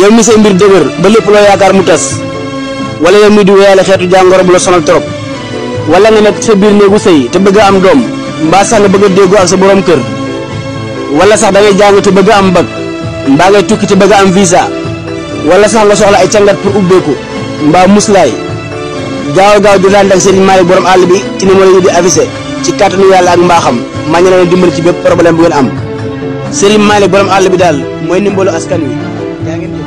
yow mi sey mbir deuguer ba lepp lo yaakar mu tass wala yow mi di wéyale xetu jangoro bu la sonal torop wala nga nek sa bir neegu sey te bëgg am dom mba sax nga bëgg deggu ak sa borom kër wala sax da ngay jàng te bëgg am mba ngay tukki te bëgg am visa wala sax la soxla ay cangat pour ubbeeku mba muslay gaaw gaaw di ak seen may borom all bi ci ni mo la di avisé ci katanu yalla ak mbaxam ma ñu lay dimbal ci bëpp problème bu ngeen am malik borom bi askan wi ngeen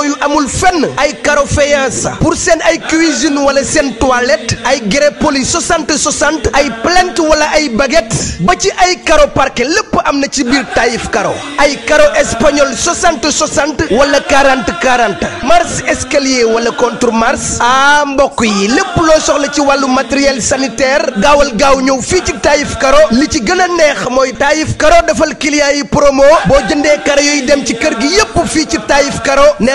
finition yu amul fenn ay carreau faïence pour seen ay cuisine wala seen toilette ay grès poli soixante soixante ay plinthe wala ay baguette ba ci ay carreau parquet lépp am na ci biir Taïf Carreau ay carreau espagnol soixante soixante wala quarante quarante marche escalier wala contre marche ah mbokk yi lépp loo soxla ci wàllu matériel sanitaire gaawal gaaw ñëw fii ci Taïf Carreau li ci gën a neex mooy Taïf Carreau defal client yi promo boo jëndee carreau yooyu dem ci kër gi yépp fii ci Taïf Carreau nee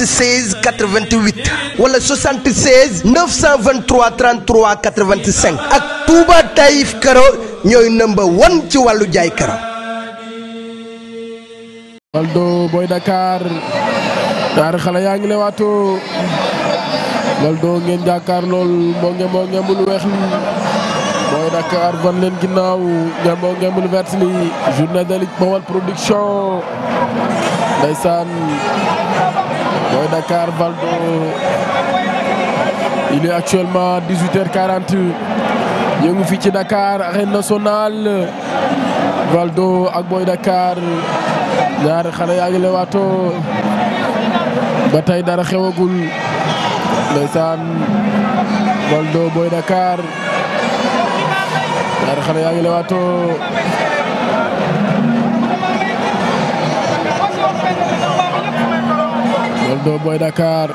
76 88 wala 76 923 33 ak Touba Taïf Karo ñooy number one ci wàllu jaay karo. Valdo Boy Dakar ñaari yaa ngi leewaatoo Valdo ngeen jàkkaar lool moo ngi moo ngi amul weex li Boy Dakar ban leen ginnaaw ña moo ngi amul vert li journée de Bawal production ndeysaan. Boy Dakar Valdo il est actuellement 18h40 ñu ngi fii ci Dakar arène Valdo ak Boy Dakar ñaari xale yaa ngi lewaatoo ba tey dara xewagul ndeysaan Valdo Boy Dakar ñaari xale yaa ngi lewaatoo Aldo Boy Dakar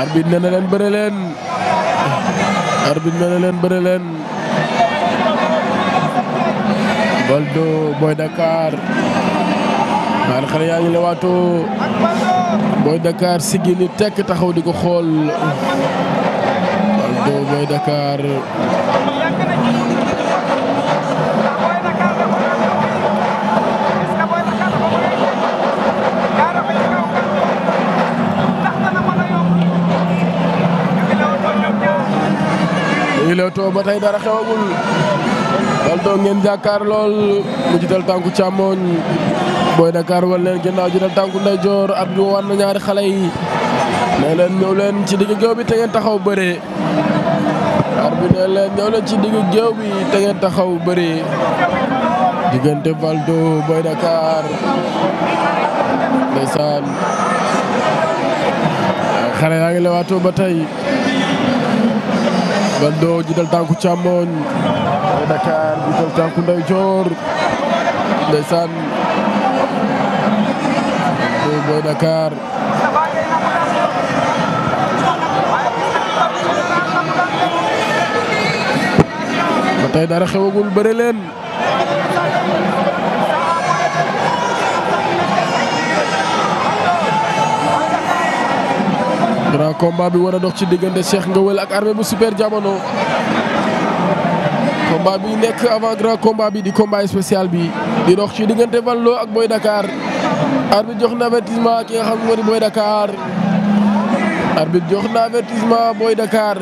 arbit nee na leen bëre leen arbit nee na leen bëre leen Boy Dakar Man xale ya ngi lewaatoo Boy Dakar sigini tek taxaw di ko xool Boy Dakar leewtoo ba tey dara xewagul Valdo ngeen jàkkaar lool mu jiital tànku càmmoñ Boy Dakar wal leen ginnaaw jiital tànku ndeyjoor at bi wan na ñaari xale yi nee leen ñëw leen ci digg géew bi te ngeen taxaw bëree ar bi nee leen ñëw leen ci digg géew bi te ngeen taxaw bëree diggante Valdo Boy Dakar ndeysaan xale yaa ngi lewaatoo ba tey Ngando jiital tànku càmmoñ Boy Dakar jiital tànku ndeyjoor ndeysaan Boy Dakar ba tey dara xewagul bëre leen grand combat bi war a dox ci diggante Cheikh Ngewel ak armée bu super jamono. combat bi nekk avant grand combat bi di combat spécial bi di dox ci diggante Vallo ak Boy Dakar. arbitre jox na avertissement ki nga xam ne Boy Dakar. arbitre jox na avertissement Boy Dakar.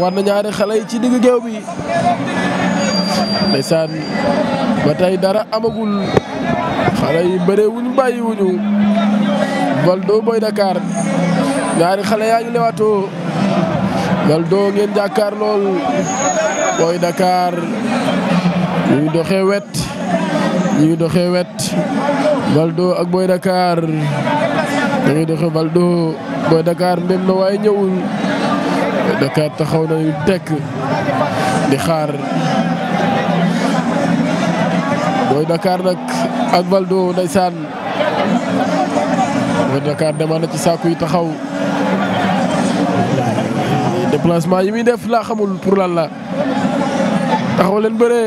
war na ñaari xale yi ci digg géew bi. ndeysaan ba tey dara amagul. xale yi bëree wuñ bàyyi Valdo Boy Dakar ñaari xale yaa ngi lewaatoo Ngaldo ngeen jàkkaar lool Boy Dakar ñu wet ñu ngi wet Ngaldo ak Boy Dakar ñu ngi doxee Ngaldo Boy Dakar mbem na waaye ñëwul Boy Dakar taxaw na ñu tekk di xaar Boy Dakar nag ak Ngaldo ndeysaan Boy Dakar dema na ci saaku yi taxaw déplacement yi muy def laa xamul pour lan la taxaw leen bëree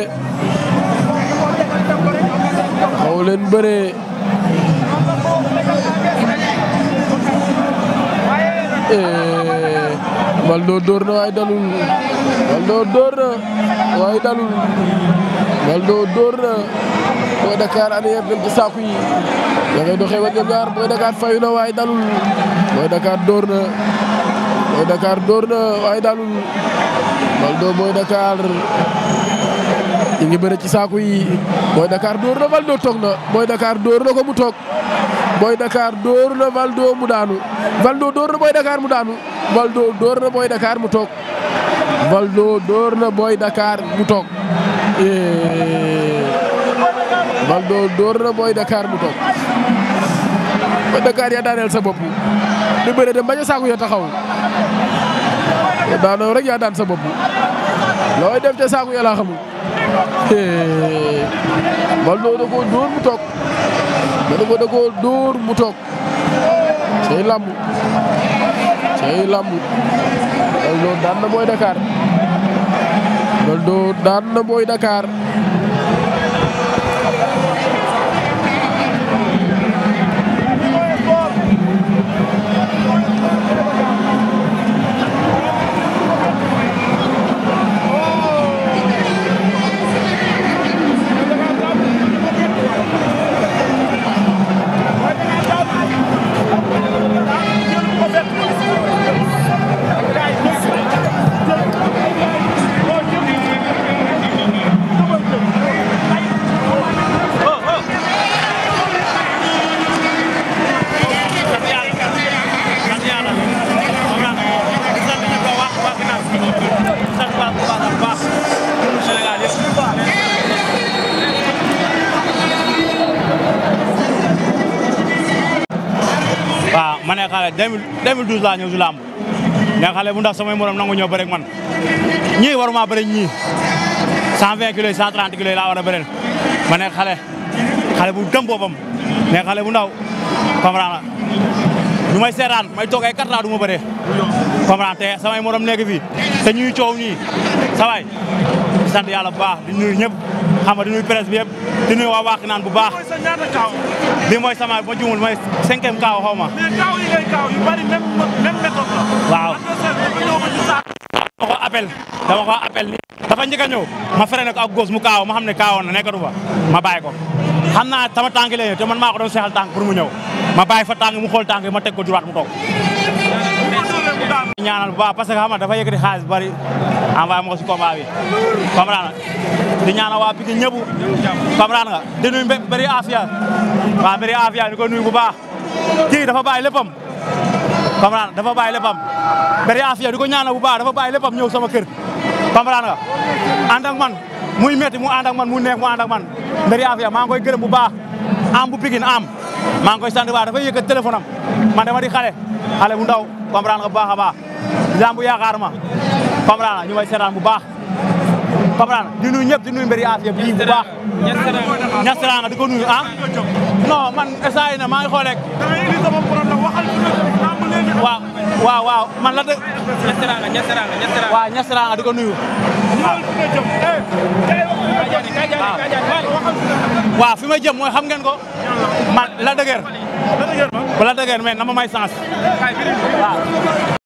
taxaw leen bëree Maldo eh, dóor na waaye dalul Maldo dóor na waaye dalul Maldo dóor na Boy Dakar arrière dem ci saaku yi da ngay doxee ba ñoom ñaar Boy Dakar fayu na waaye dalul Boy Dakar dóor na Boy Dakar dóor na waaye daalul Valdo Boy Dakar ñu ngi bëre ci saaku yi Boy Dakar dóor na Valdo toog na Boy Dakar dóor na ko mu toog Boy Dakar dóor na Valdo mu daanu Valdo dóor na Boy Dakar mu daanu Valdo dóor na Boy Dakar mu toog Valdo dóor na Boy Dakar mu toog Valdo eh. dóor na Boy Dakar mu toog Boy Dakar yaa daaneel sa bopp. di bëre dem bañ a saako ya taxaw daanoo rek yaa daan sa bopp looy def ca saako ya laa xamul Mal dóor mu toog da ko da koo dóor mu toog cey làmb cey làmb loolu daan na booy Dakar loolu daan na booy Dakar. waaw ma ne xale 2012 laa ñëw si làmb ne xale bu ndax samay morom nangu ñëw bëri ak man ñii waruma bëri ñii 120 kilos 130 kilos laa war a bëreel ma ne xale xale bu dem boppam ne xale bu ndaw comprendre ñu may seetaan may toog ay 4 ans du ma bëree comprendre te samay morom nekk fii te ñuy coow nii sa waay sant yàlla bu baax di nuyu ñëpp xam di nuyu presse bi di bu baax. sama ba juumul mooy cinquième kaaw xaw ma. mais yi ngay kaaw appel dama ko appel ni dafa njëkk a ñëw ma freiné ko ak góos mu kaaw ma xam ne na ma bàyyi ko xam sama tànk lay ñëw te man maa ko doon pour mu ma fa mu ma ko mu ñaanal bu baax parce que dafa bari envoyé ma ko si combat bi comprendre nga di ñaanal waa Pikine ñëpp comprendre nga di nuyu bëri afia waa bëri afia di ko nuyu bu baax kii dafa bàyyi léppam comprendre dafa bàyyi léppam bëri afia di ko ñaanal bu baax dafa bàyyi léppam mu ànd ak man mu neex mu ànd ak man bëri afia maa ngi koy gërëm bu baax am bu Pikine di xale xale bu ndaw comprendre nga bu baax a baax lambu Pamrana ñu may seetaan bu baax Pamrana di nuyu ñëpp di nuyu mbir yi aas yëpp yi bu baax. ñastaraan di nuyu ah. non man essayé na maa ngi xool waaw waaw waaw man la de. ñastaraan ñastaraan ñastaraan. nuyu. waaw fi may jëm mooy xam ngeen ko. man la dëgër. la dëgër mais na ma may sens. waaw.